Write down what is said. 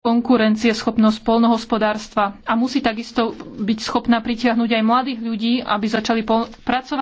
konkurencieschopnosť polnohospodárstva a musí takisto byť schopná pritiahnuť aj mladých ľudí, aby začali pracovať